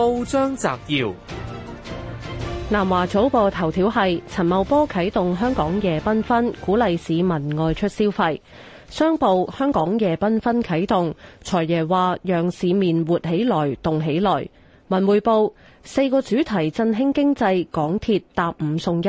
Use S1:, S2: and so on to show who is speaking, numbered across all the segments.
S1: 報章摘要：南華早報頭條係陳茂波啟動香港夜繽紛，鼓勵市民外出消費。商報香港夜繽紛啟動，財爺話讓市面活起來、動起來。文匯報四個主題振興經濟，港鐵搭五送一。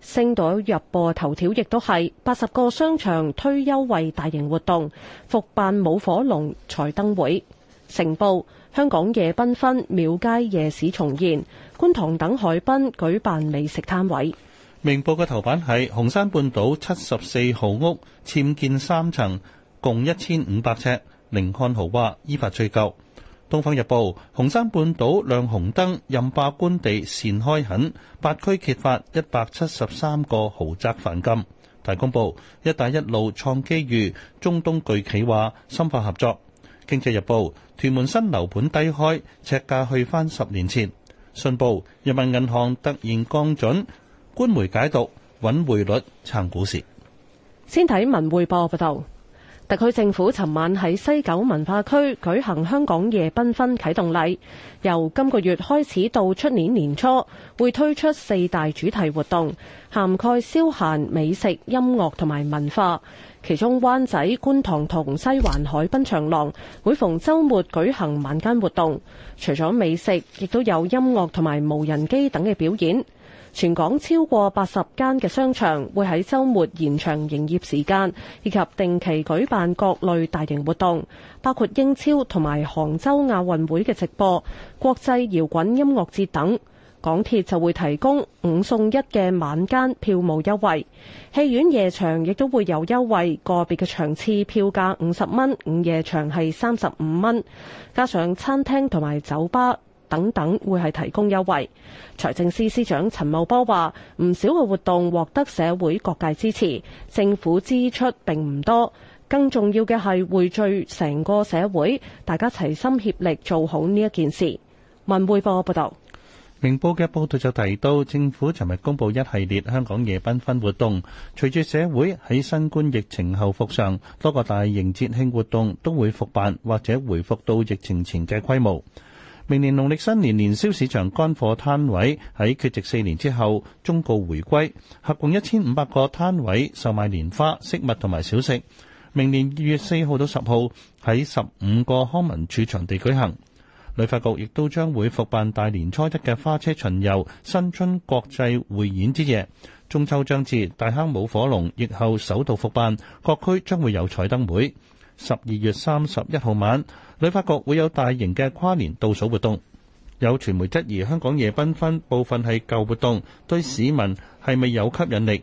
S1: 星島日報頭條亦都係八十個商場推優惠大型活動，復辦舞火龍、財燈會。城報：香港夜繽紛，廟街夜市重現，觀塘等海濱舉辦美食攤位。
S2: 明報嘅頭版係紅山半島七十四號屋僭建三層，共一千五百尺，甯漢豪話依法追究。東方日報：紅山半島亮紅燈，任霸官地擅開墾，八區揭發一百七十三個豪宅犯禁。大公報：一帶一路創機遇，中東巨企話深化合作。《經濟日報》屯門新樓盤低開，尺價去返十年前。信報人民銀行突然降準，官媒解讀穩匯率撐股市。
S1: 先睇文匯報報道，特區政府尋晚喺西九文化區舉行香港夜繽紛啟動禮，由今個月開始到出年年初，會推出四大主題活動，涵蓋消閒、美食、音樂同埋文化。其中，灣仔、觀塘同西環海濱長廊每逢週末舉行晚間活動，除咗美食，亦都有音樂同埋無人機等嘅表演。全港超過八十間嘅商場會喺週末延長營業時間，以及定期舉辦各類大型活動，包括英超同埋杭州亞運會嘅直播、國際搖滾音樂節等。港鐵就會提供五送一嘅晚間票務優惠，戲院夜場亦都會有優惠，個別嘅場次票價五十蚊，午夜場係三十五蚊。加上餐廳同埋酒吧等等，會係提供優惠。財政司司司長陳茂波話：唔少嘅活動獲得社會各界支持，政府支出並唔多，更重要嘅係匯聚成個社會，大家齊心協力做好呢一件事。文匯報報報道。
S2: 明報嘅報道就提到，政府尋日公布一系列香港夜繽紛活動。隨住社會喺新冠疫情後復常，多個大型節慶活動都會復辦或者回復到疫情前嘅規模。明年農曆新年年宵市場乾貨攤位喺缺席四年之後終告回歸，合共一千五百個攤位售賣年花、飾物同埋小食。明年二月四號到十號喺十五個康文署場地舉行。旅發局亦都將會復辦大年初一嘅花車巡遊、新春國際匯演之夜。中秋將至，大坑舞火龍，疫後首度復辦。各區將會有彩燈會。十二月三十一號晚，旅發局會有大型嘅跨年倒數活動。有傳媒質疑香港夜繽紛部分係舊活動，對市民係咪有吸引力？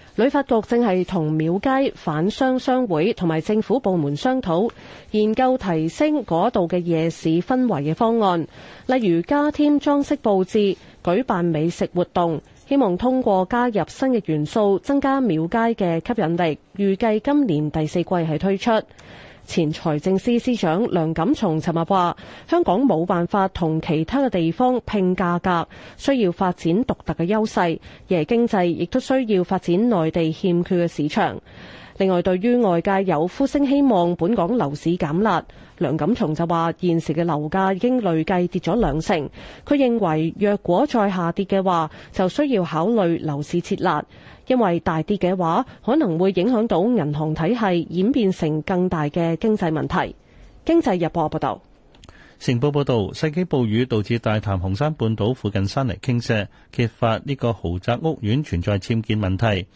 S1: 旅發局正係同廟街販商商會同埋政府部門商討，研究提升嗰度嘅夜市氛圍嘅方案，例如加添裝飾布置、舉辦美食活動，希望通過加入新嘅元素，增加廟街嘅吸引力。預計今年第四季係推出。前財政司司長梁錦松尋日話：香港冇辦法同其他嘅地方拼價格，需要發展獨特嘅優勢。而經濟亦都需要發展內地欠缺嘅市場。另外，對於外界有呼聲希望本港樓市減辣，梁錦松就話：現時嘅樓價已經累計跌咗兩成。佢認為，若果再下跌嘅話，就需要考慮樓市撤辣，因為大跌嘅話，可能會影響到銀行體系，演變成更大嘅經濟問題。經濟日報報道：
S2: 成報報道，世紀暴雨導致大潭紅山半島附近山泥傾瀉，揭發呢個豪宅屋苑存在僭建問題。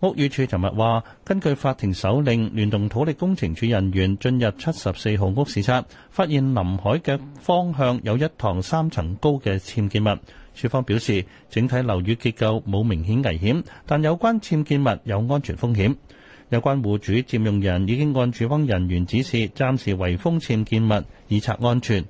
S2: 屋宇署尋日話，根據法庭手令，聯同土力工程署人員進入七十四號屋視察，發現臨海嘅方向有一堂三層高嘅僭建物。署方表示，整體樓宇結構冇明顯危險，但有關僭建物有安全風險。有關戶主佔用人已經按署方人員指示，暫時圍封僭建物，以策安全。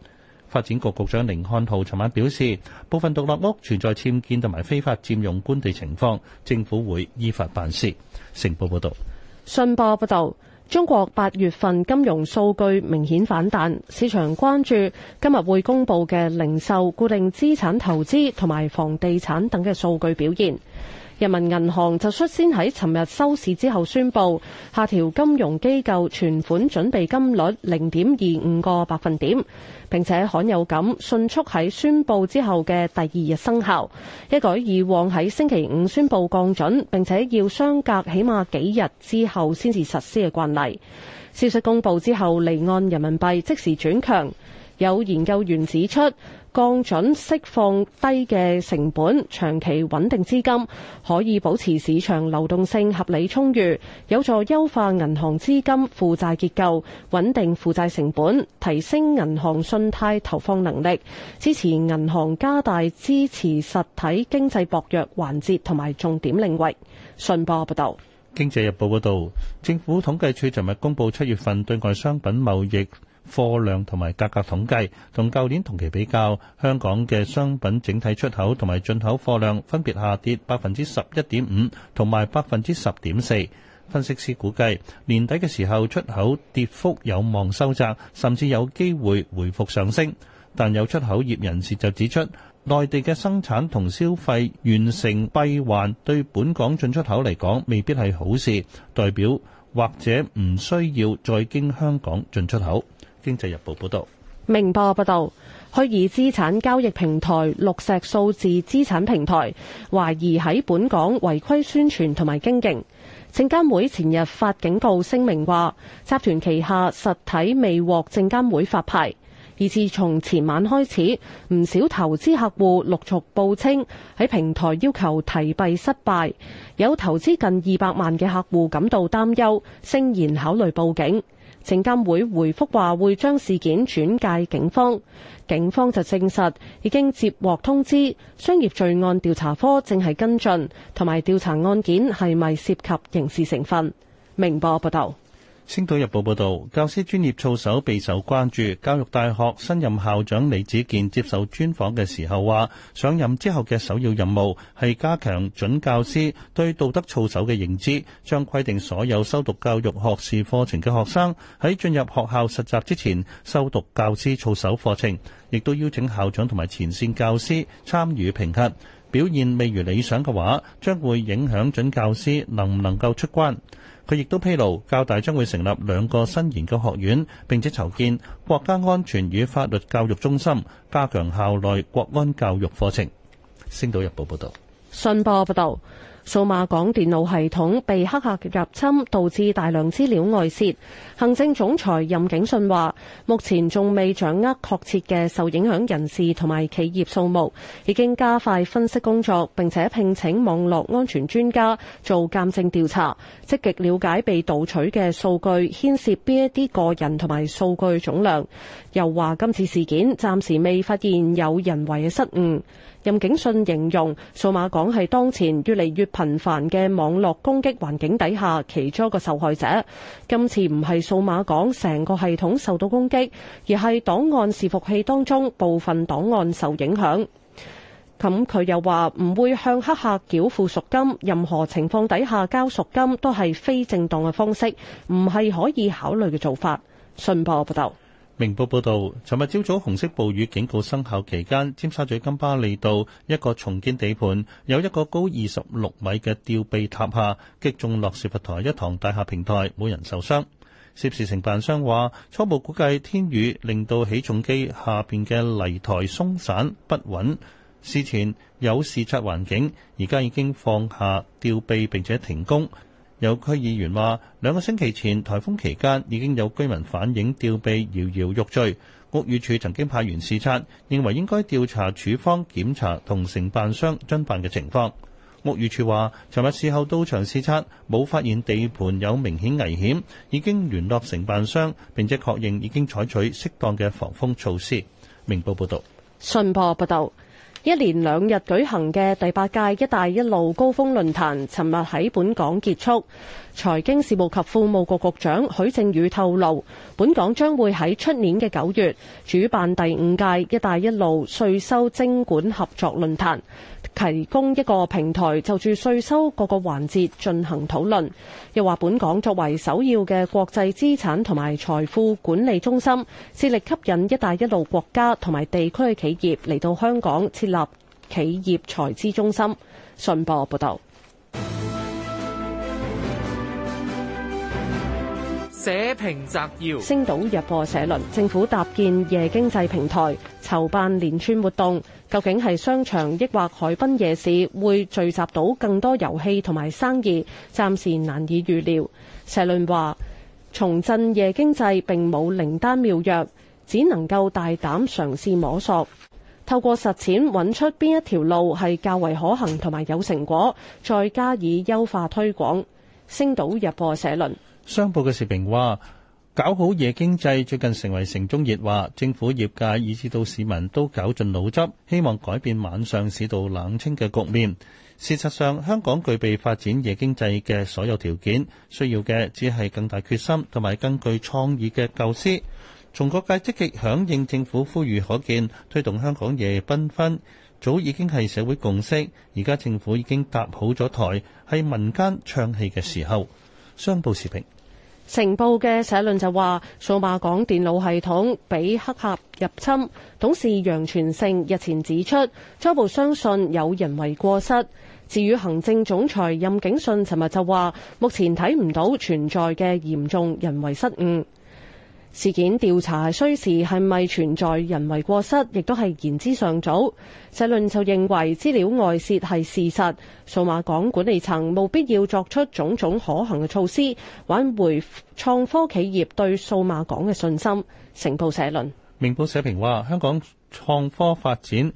S2: 發展局局長甯漢豪尋晚表示，部分獨立屋存在僭建同埋非法佔用官地情況，政府會依法辦事。成報報道，
S1: 信報報道，中國八月份金融數據明顯反彈，市場關注今日會公布嘅零售、固定資產投資同埋房地產等嘅數據表現。人民銀行就率先喺尋日收市之後宣布，下調金融機構存款準備金率零點二五個百分點，並且罕有咁迅速喺宣布之後嘅第二日生效，一改以往喺星期五宣布降準，並且要相隔起碼幾日之後先至實施嘅慣例。消息公布之後，離岸人民幣即時轉強。有研究員指出，降準釋放低嘅成本，長期穩定資金，可以保持市場流動性合理充裕，有助優化銀行資金負債結構，穩定負債成本，提升銀行信貸投放能力，支持銀行加大支持實體經濟薄弱環節同埋重點領域。信報報道，
S2: 《經濟日報》報道，政府統計處尋日公布七月份對外商品貿易。貨量同埋價格統計，同舊年同期比較，香港嘅商品整體出口同埋進口貨量分別下跌百分之十一點五同埋百分之十點四。分析師估計年底嘅時候出口跌幅有望收窄，甚至有機會回復上升。但有出口業人士就指出，內地嘅生產同消費完成閉環，對本港進出口嚟講未必係好事，代表或者唔需要再經香港進出口。經濟日報報道，
S1: 明報報道，虛擬資產交易平台綠石數字資產平台懷疑喺本港違規宣傳同埋經營。證監會前日發警告聲明話，集團旗下實體未獲證監會發牌。而自從前晚開始，唔少投資客戶陸續報稱喺平台要求提幣失敗，有投資近二百萬嘅客戶感到擔憂，聲言考慮報警。證監會回覆話會將事件轉介警方，警方就證實已經接獲通知，商業罪案調查科正係跟進同埋調查案件係咪涉及刑事成分。明報報道。
S2: 星島日報報道，教師專業操守備受關注。教育大學新任校長李子健接受專訪嘅時候話，上任之後嘅首要任務係加強準教師對道德操守嘅認知，將規定所有修讀教育學士課程嘅學生喺進入學校實習之前修讀教師操守課程，亦都邀請校長同埋前線教師參與評核。表現未如理想嘅話，將會影響準教師能唔能夠出關。佢亦都披露，教大將會成立兩個新研究學院，並且籌建國家安全與法律教育中心，加強校內國安教育課程。星島日報報道，
S1: 信報報道。數碼港電腦系統被黑客入侵，導致大量資料外洩。行政總裁任景信話：目前仲未掌握確切嘅受影響人士同埋企業數目，已經加快分析工作，並且聘請網絡安全專家做鑑證調查，積極了解被盜取嘅數據牽涉邊一啲個人同埋數據總量。又話今次事件暫時未發現有人為嘅失誤。任景信形容數碼港係當前越嚟越頻繁嘅網絡攻擊環境底下，其中一個受害者，今次唔係數碼港成個系統受到攻擊，而係檔案伺服器當中部分檔案受影響。咁佢又話唔會向黑客繳付贖金，任何情況底下交贖金都係非正當嘅方式，唔係可以考慮嘅做法。
S2: 信報報道。明報報導，尋日朝早紅色暴雨警告生效期間，尖沙咀金巴利道一個重建地盤有一個高二十六米嘅吊臂塌下擊中落雪佛台一堂大廈平台，冇人受傷。涉事承辦商話初步估計天雨令到起重機下面嘅泥台鬆散不穩，事前有視察環境，而家已經放下吊臂並且停工。有區議員話：兩個星期前颱風期間已經有居民反映吊臂搖搖欲墜，屋宇署曾經派員視察，認為應該調查處方檢查同承辦商遵辦嘅情況。屋宇署話：尋日事後到場視察，冇發現地盤有明顯危險，已經聯絡承辦商，並且確認已經採取適當嘅防風措施。明報報道。
S1: 信報報導。一連兩日舉行嘅第八屆“一帶一路”高峰論壇，尋日喺本港結束。財經事務及庫務局局長許正宇透露，本港將會喺出年嘅九月主辦第五屆“一帶一路”稅收徵管合作論壇，提供一個平台就住稅收各個環節進行討論。又話本港作為首要嘅國際資產同埋財富管理中心，致力吸引“一帶一路”國家同埋地區嘅企業嚟到香港設立。立企業財資中心，信報報道。社評摘要：星島日報社論，政府搭建夜經濟平台，籌辦連串活動，究竟係商場抑或海濱夜市，會聚集到更多遊戲同埋生意，暫時難以預料。社論話，重振夜經濟並冇靈丹妙藥，只能夠大膽嘗試摸索。透過實踐揾出邊一條路係較為可行同埋有成果，再加以優化推廣。星島日報社論，
S2: 商報嘅時評話：搞好夜經濟最近成為城中熱話，政府、業界以至到市民都絞盡腦汁，希望改變晚上市道冷清嘅局面。事實上，香港具備發展夜經濟嘅所有條件，需要嘅只係更大決心同埋更具創意嘅構思。從各界積極響應政府呼籲，可見推動香港夜繽紛早已經係社會共識。而家政府已經搭好咗台，係民間唱戲嘅時候。商報時評，
S1: 成報嘅社論就話：數碼港電腦系統俾黑客入侵。董事楊全盛日前指出，初步相信有人為過失。至於行政總裁任景信，尋日就話：目前睇唔到存在嘅嚴重人為失誤。事件調查需時，係咪存在人為過失，亦都係言之尚早。社論就認為資料外泄係事實，數碼港管理層冇必要作出種種可行嘅措施，挽回創科企業對數碼港嘅信心。成報社論，
S2: 明報社評話香港創科發展。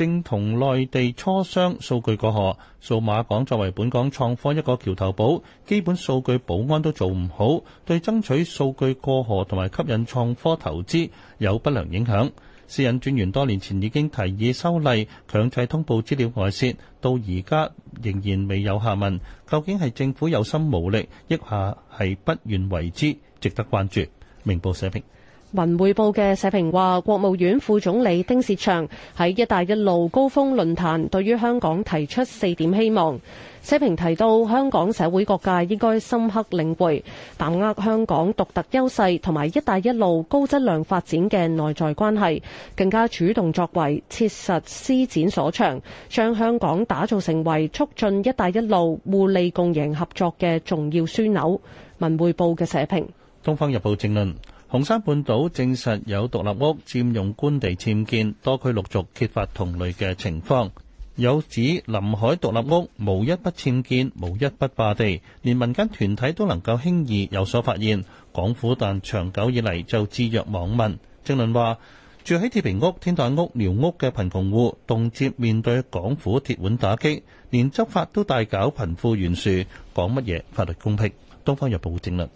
S2: 正同內地磋商數據過河，數碼港作為本港創科一個橋頭堡，基本數據保安都做唔好，對爭取數據過河同埋吸引創科投資有不良影響。私隱專員多年前已經提議修例強制通報資料外洩，到而家仍然未有下文。究竟係政府有心無力，抑下係不願為之？值得關注。明報社評。
S1: 文匯報嘅社評話，國務院副總理丁薛祥喺“一帶一路”高峰論壇對於香港提出四點希望。社評提到，香港社會各界應該深刻領會把握香港獨特優勢同埋“一帶一路”高質量發展嘅內在關係，更加主動作為，切實施展所長，將香港打造成為促進“一帶一路”互利共贏合作嘅重要樞紐。文匯報嘅社評，
S2: 《東方日報》正論。紅山半島證實有獨立屋佔用官地僭建，多區陸續揭發同類嘅情況。有指臨海獨立屋無一不僭建，無一不霸地，連民間團體都能夠輕易有所發現。港府但長久以嚟就置若罔聞。正論話住喺鐵皮屋、天台屋、寮屋嘅貧窮戶，動輒面對港府鐵腕打擊，連執法都大搞貧富懸殊，講乜嘢法律公平？《東方日報》正論。